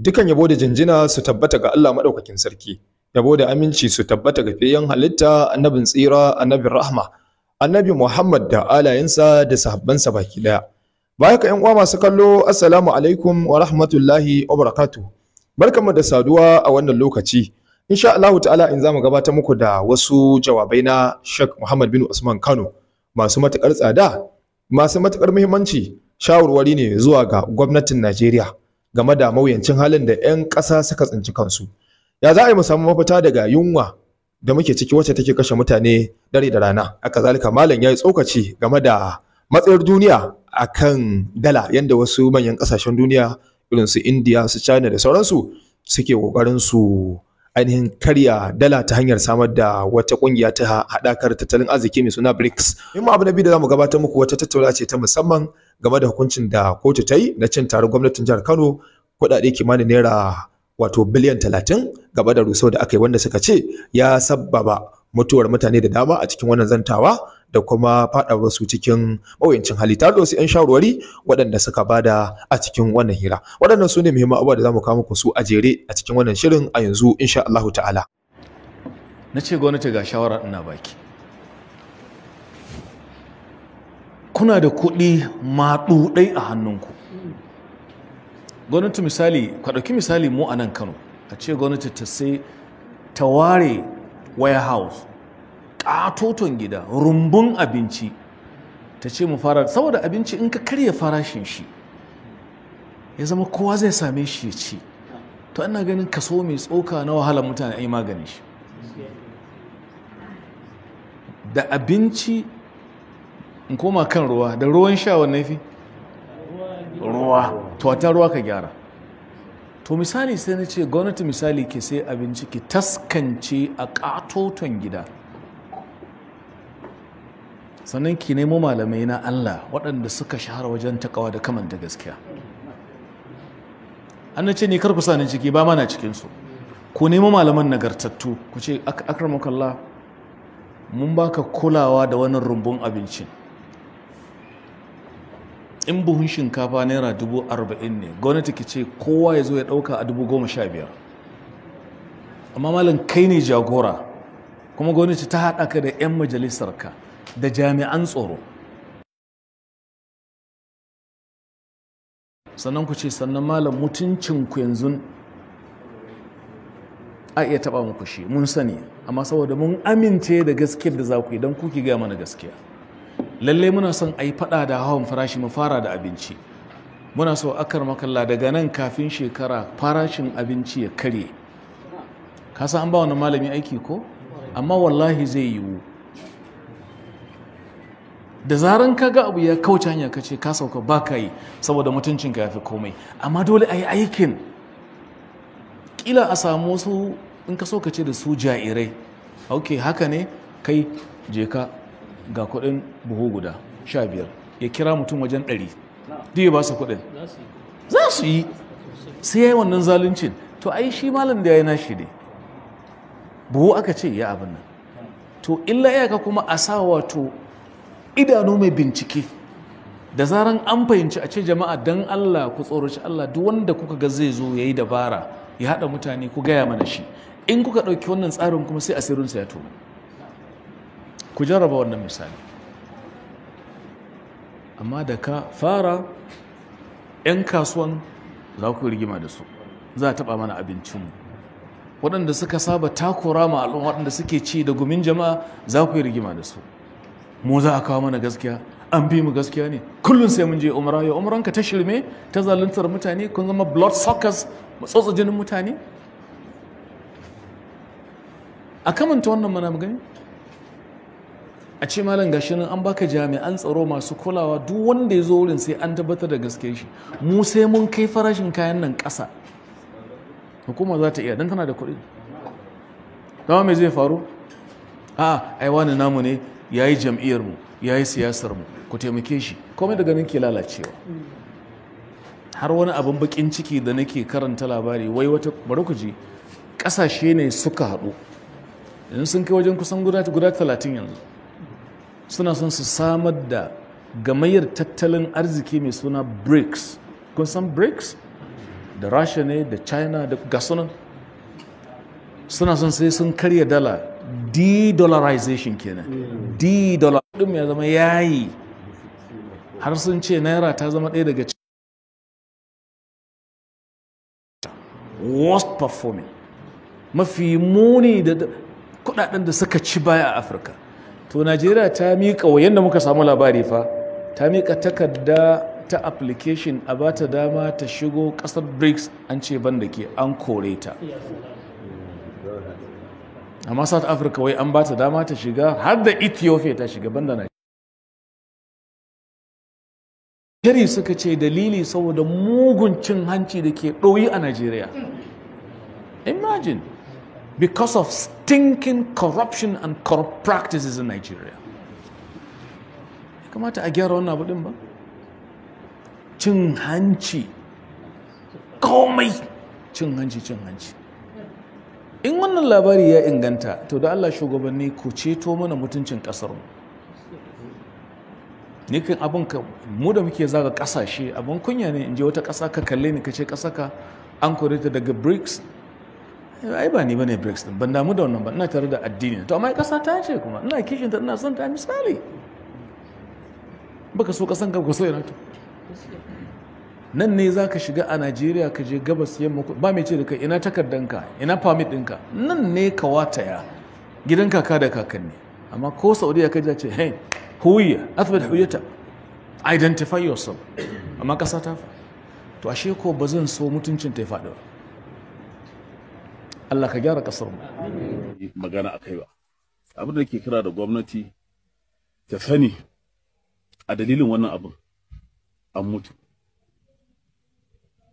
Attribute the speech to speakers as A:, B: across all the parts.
A: dukan yabo da jinjina su tabbata ga Allah madaukakin sarki yabo da aminci su tabbata ga fiyan halitta annabin tsira annabin rahma annabi Muhammad da alayensa da sahabbansa baki daya baya ka yan uwa masu kallo assalamu alaikum wa rahmatullahi wa barakatuh barkamu da saduwa a wannan lokaci insha Allah ta'ala in zamu gabatar muku da wasu jawabai na Sheikh Muhammad bin Usman Kano masu matukar tsada masu matukar muhimmanci shawarwari ne zuwa ga gwamnatin Najeriya game da mawuyancin halin da 'yan ƙasa suka tsinci kansu ya za a yi mu samu mafita daga yunwa da muke ciki wacce take kashe mutane dare da rana haka zalika malam ya yi tsokaci game da matsayar duniya a kan dala yadda wasu manyan ƙasashen duniya irin su indiya su china da sauransu suke ƙoƙarin su ainihin karya dala ta hanyar samar da wata ƙungiya ta haɗakar tattalin arziki mai suna BRICS. Yin abu na biyu da za mu gabatar muku wata tattaunawa ce ta musamman game da hukuncin da kotu ta yi na cin tare gwamnatin jihar Kano kuɗaɗe kimanin naira wato biliyan talatin gaba da rusau da aka yi wanda suka ce ya sabbaba mutuwar mutane da dama a cikin wannan zantawa da kuma fada su cikin mawuyancin hali tare da wasu 'yan shawarwari waɗanda suka bada a cikin wannan hira waɗannan su ne muhimman abubuwa da za mu kawo muku su a jere a cikin wannan shirin a yanzu insha Allahu ta'ala
B: na ce gwamnati ga shawara ina baki kuna da kuɗi maɗuɗai a hannunku gwamnati misali kwaɗauki misali mu a nan kano a ce gwamnati ta sai ta ware warehouse ƙatoton gida rumbun abinci ta ce mu fara saboda abinci in ka karya farashin shi ya zama kowa zai same shi ya ci to ana ganin kaso mai tsoka na wahalar mutane a yi maganin shi da abinci in koma kan ruwa da ruwan sha wannan fi ruwa tuwatan ruwa ka gyara to misali sai na ce gwamnati misali ke sai abinci ki taskance a katoton gida sannan ki nemo malamai na allah waɗanda suka shahara wajen takawa da kamanta gaskiya an na ce ne kar ku ciki ba mana cikinsu ku nemo malaman nagartattu ku ce akramakallah mun baka kulawa da wannan rumbun abincin in buhun shinkafa naira dubu arba'in ne gwamnati ki ce kowa ya zo ya dauka a dubu goma sha biyar amma malin kai ne jagora kuma gwamnati ta haɗa da 'yan majalisarka da jami'an tsoro sannan ku ce sannan malam mutuncinku yanzu a iya taɓa muku shi mun sani amma saboda mun amince da gaskiyar da za ku yi don kuki gaya mana gaskiya lalle muna son a yi fada da hawan farashi mu fara da abinci muna so akar makalla daga nan kafin shekara farashin abinci ya kare ka san an ba wani malami aiki ko amma wallahi zai yiwu da zaran ka ga abu ya kauce hanya ka ce ka sauka ba ka yi saboda mutuncin ya fi komai amma dole a yi aikin kila a samu wasu in ka so ka ce da su jairai ok haka ne kai je ka ga kudin buhu guda sha biyar ya kira mutum wajen ɗari duk ya ba su kudin za su yi sai ya yi wannan zaluncin to ai shi malam da ya yi nashi ne buhu aka ce ya abin nan to illa ka kuma a sa wato idanu mai bincike da zaran an fahimci a ce jama'a don Allah ku tsoraci Allah duk wanda kuka ga zai zo ya yi dabara ya haɗa mutane ku gaya mana shi in kuka ɗauki wannan tsarin kuma sai asirinsa ya tono ku jarraba wannan misali amma da ka fara 'yan kasuwan za ku rigima da su za a taɓa mana abincinmu waɗanda suka saba takura ma al'umma waɗanda suke ci da gumin jama'a za ku rigima da su mu za a kawo mana gaskiya an bi mu gaskiya ne kullum sai mun je umra ya umran ka ta shirme ta zaluntar mutane kun zama blood suckers matsotsa jinin mutane a kamanta wannan mana magani a ce malam gashi nan an baka jami'an tsaro masu kulawa duk wanda ya zo wurin sai an tabbatar da gaske shi mu sai mun kai farashin kayan nan ƙasa hukuma za ta iya don tana da kuɗi dama mai zai faru a ai wani namu ne ya yi jam'iyyar mu ya yi siyasar mu ku taimake shi komai daga nan ke lalacewa har wani abin bakin ciki da nake karanta labari wai wata bari ku ji ƙasashe ne suka haɗu yanzu sun kai wajen kusan guda 30 yanzu suna son su samar da gamayyar tattalin arziki mai suna brics kun san brics da rasha ne da china da gasunan suna son sai sun karya dala de-dollarization kenan de-dollar ɗin ya zama yayi har sun ce naira ta zama ɗaya daga worst performing mafi muni da kudaden da suka ci baya a afirka to najeriya ta miƙa wa yadda muka samu labari fa ta miƙa takarda ta application a ba ta dama ta shigo ƙasar brics an ce ban da ke an kore ta amma south africa wai an ba ta dama ta shiga har da ethiopia ta shiga ban da na shari suka ce dalili saboda mugun cin hanci da ke ɗoyi a najeriya imagine because of stinking corruption and corrupt practices in Nigeria. kamata a gyara wannan abu din ba cin hanci komai cin hanci cin hanci in wannan labari ya inganta to da Allah shugabanni ku ceto mana mutuncin kasar mu nikin abin ka mu da muke zaga ƙasashe abin kunya ne in je wata ƙasa ka kalle ni ka ce kasa ka an kore ta daga BRICS ai ba ni bane breaks din ban damu da wannan ba ina tare da addini to amma kasa ta ce kuma ina kishin ta ina son ta misali baka so kasan ka so yana to nan ne za ka shiga a najeriya ka je gabas yamma ba mai ce da kai ina takardanka ina permit dinka nan ne ka wataya gidan kaka da kakanni amma ko saudiya ka ce hey huwiya athbat huyata identify yourself amma kasa ta to ashe ko ba zan so mutuncin ta ya faɗi ba Allah ka gyara kasar mu
C: magana akai ba abin da ke kira da gwamnati ta sani a dalilin wannan abin an mutu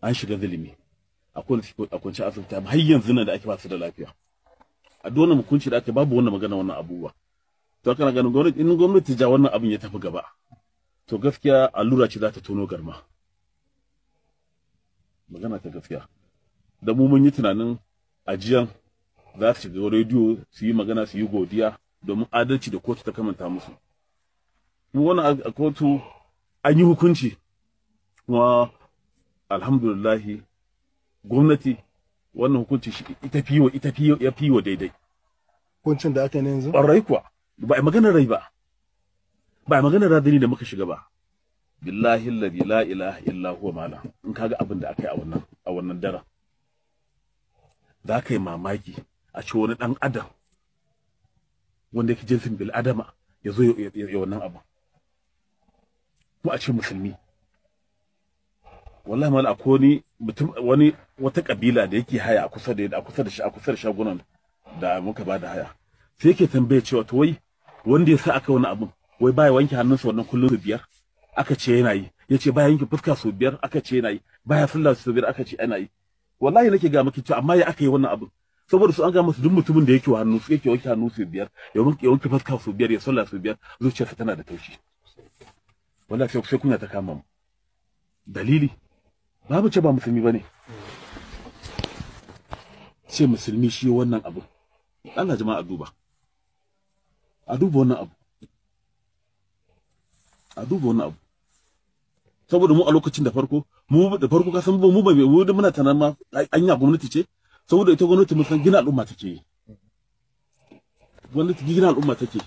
C: an shiga zulumi akwai a kunci asibiti har yanzu nan da ake ba su da lafiya a duk wannan hukunci da ake babu wannan magana wannan abubuwa to kana ganin gwamnati in gwamnati ta ja wannan abin ya tafi gaba to gaskiya allura ce za ta tono garma magana ta gaskiya da mu mun yi tunanin ajiyan za su shiga rediyo su yi magana su yi godiya domin adalci da kotu ta kamanta musu kuma wani a kotu an yi hukunci kuma alhamdulillahi gwamnati wannan hukunci shi ita fi ita fiyo ya daidai hukuncin da aka yi yanzu ƙwarai kuwa ba a magana rai ba ba a magana radini da muka shiga ba billahi la ilaha illa huwa mala in kaga abin da aka yi a wannan a wannan dara za ka yi mamaki a ci wani ɗan adam wanda yake jinsin bil adama ya zo ya wannan abu ko a ce musulmi wallahi mal akwai wani mutum wani wata kabila da yake haya a kusa da a kusa da shi a kusa da shagunan da muka ba da haya sai yake tambaye cewa to wai wanda ya sa aka wani abu wai baya wanke hannun sa wannan kullum su biyar aka ce yana yi yace baya yanke fuska su biyar aka ce yana yi baya sallah su biyar aka ce yana yi wallahi nake ga maki cewa amma ya aka yi wannan abin saboda su an ga musu duk mutumin da yake wa hannu su yake wanke hannu su biyar ya wanke fuska su biyar ya salla su biyar zuciyarsa tana da taushi wallahi sai sai kunya ta kama mu dalili babu ce ba musulmi bane ce musulmi shi wannan abu Allah jama'a duba a duba wannan abu a duba wannan abu saboda mu a lokacin da farko mu da farko ka san mu ba mu da muna tanan ma anya gwamnati ce saboda ita gwamnati mun san gina al'umma take gwamnati gina al'umma take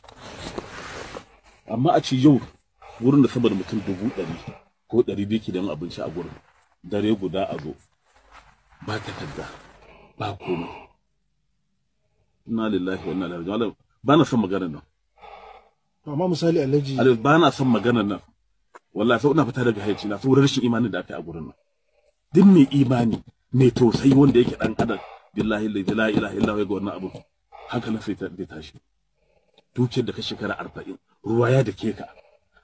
C: amma a ce yau wurin da saboda mutum dubu ɗari ko ɗari biyu ke da abinci a gurin dare guda a zo ba takarda ba komai inna lillahi wa inna ilaihi raji'un ba na son maganar nan amma misali alhaji ba na son maganar nan wallahi sai ina fita daga haici na saboda rashin imanin da aka a gurin nan duk mai imani mai tausayi wanda yake dan adam billahi la ilaha illallah ga wannan abu haka na fita da tashi dukiyar da ka shekara arba'in ruwa ya dake ka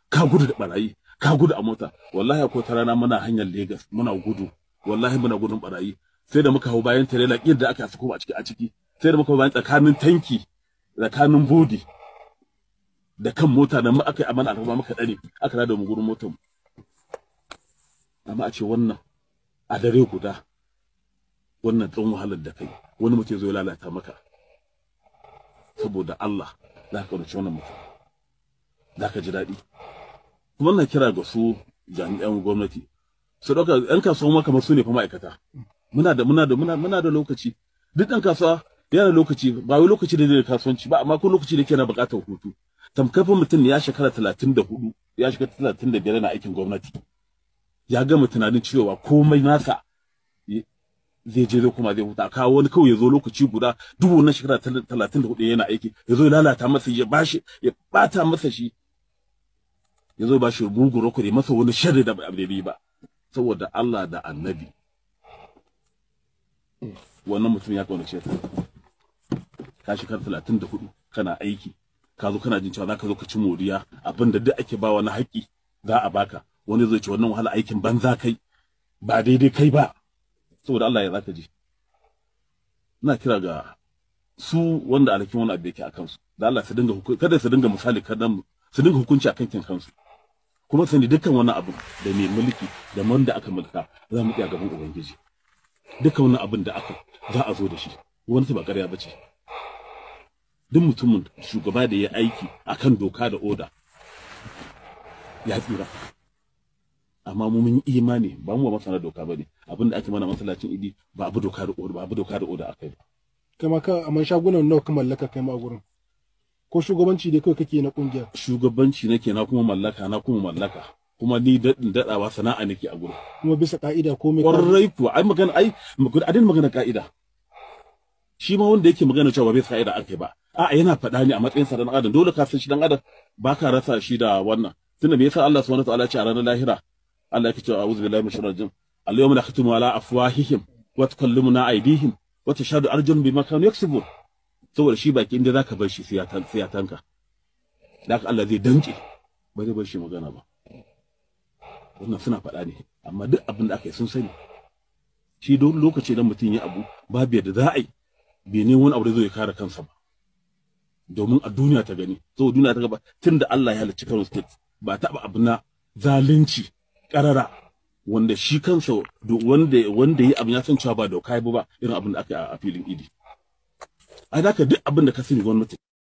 C: ka gudu da barayi ka gudu a mota wallahi ko ta rana muna hanyar Lagos muna gudu wallahi muna gudun barayi sai da muka hau bayan tirela kiyar da aka sako a ciki a ciki sai da muka hau bayan tsakanin tanki tsakanin budi. da kan mota nan ma aka yi amana alfarma muka dare aka rada mu gurin motar mu amma a ce wannan a dare guda wannan tsawon wahalar da kai wani mutum zai lalata maka saboda Allah za ka kaunace wannan mutum za ka ji daɗi wannan kira ga su jami'an gwamnati su ɗauka ɗan kasuwa ma kamar su ne fa ma'aikata muna da muna da muna da lokaci duk ɗan kasuwa yana lokaci ba wai lokaci da ne kasuwanci ba amma ko lokaci da ke na buƙatar hutu tamkafin mutum ya shekara 34 ya shekara 35 na aikin gwamnati ya gama tunanin cewa komai nasa zai je zai kuma zai huta kawo wani kawai ya zo lokaci guda dubu na shekara 34 yana aiki ya zo lalata masa ya bashi ya bata masa shi ya zo bashi mugu rokure masa wani sharri da bai ba saboda Allah da annabi wannan mutum ya kauna shaitan ka shekara 34 kana aiki ka zo kana jin cewa zaka zo ka ci moriya abinda duk ake ba wani haƙƙi za a baka wani zai ce wannan wahala aikin banza kai ba daidai kai ba saboda Allah ya zaka ji ina kira ga su wanda alhakin wani abu yake a kansu da Allah su dinga hukunci kada su dinga misali kada su dinga hukunci a kankin kansu kuma sani dukkan wani abu da mai mulki da wanda aka mulka za mu iya gaban ubangiji dukkan wani abin da aka za a zo da shi wani ba ƙarya bace duk mutumin shugaba da ya aiki akan doka da oda ya tsira amma mu mun imani ba mu ba masana doka bane abin da ake mana masallacin idi ba abu doka da oda ba abu doka da oda akai ba kama ka amma shagunan nawa ka mallaka kai ma gurin ko shugabanci da kai kake na kungiya shugabanci nake na kuma mallaka na kuma mallaka kuma ni daɗin daɗawa sana'a nake a gurin kuma bisa ka'ida ko me kwarai kuwa ai magana ai adin magana ka'ida shi ma wanda yake magana cewa bai ka'ida akai ba a yana faɗa ne a matsayin sa dan adam dole ka san shi dan adam baka rasa shi da wannan tunda me yasa Allah subhanahu wataala ya ce a ranar lahira Allah yake cewa a'udhu billahi minash shaitanir rajim al-yawma nakhtimu ala afwahihim wa tukallimuna aydihim wa tashhadu arjun bima kanu yaksubun saboda shi baki inda zaka bar shi sai ya sai tanka dan Allah zai danke ba zai bar shi magana ba wannan suna faɗa ne amma duk abin da aka yi sun sani shi don lokaci idan mutum ya abu babu yadda za a yi bai ne wani abu da zai kare kansa ba domin a duniya ta gani so duniya ta gaba tun da Allah ya halicci Kano State ba taɓa abu na zalunci ƙarara wanda shi kansa wanda wanda yi abin ya san cewa ba doka ba irin abin da aka yi a filin idi A da duk abin da ka sani gwamnati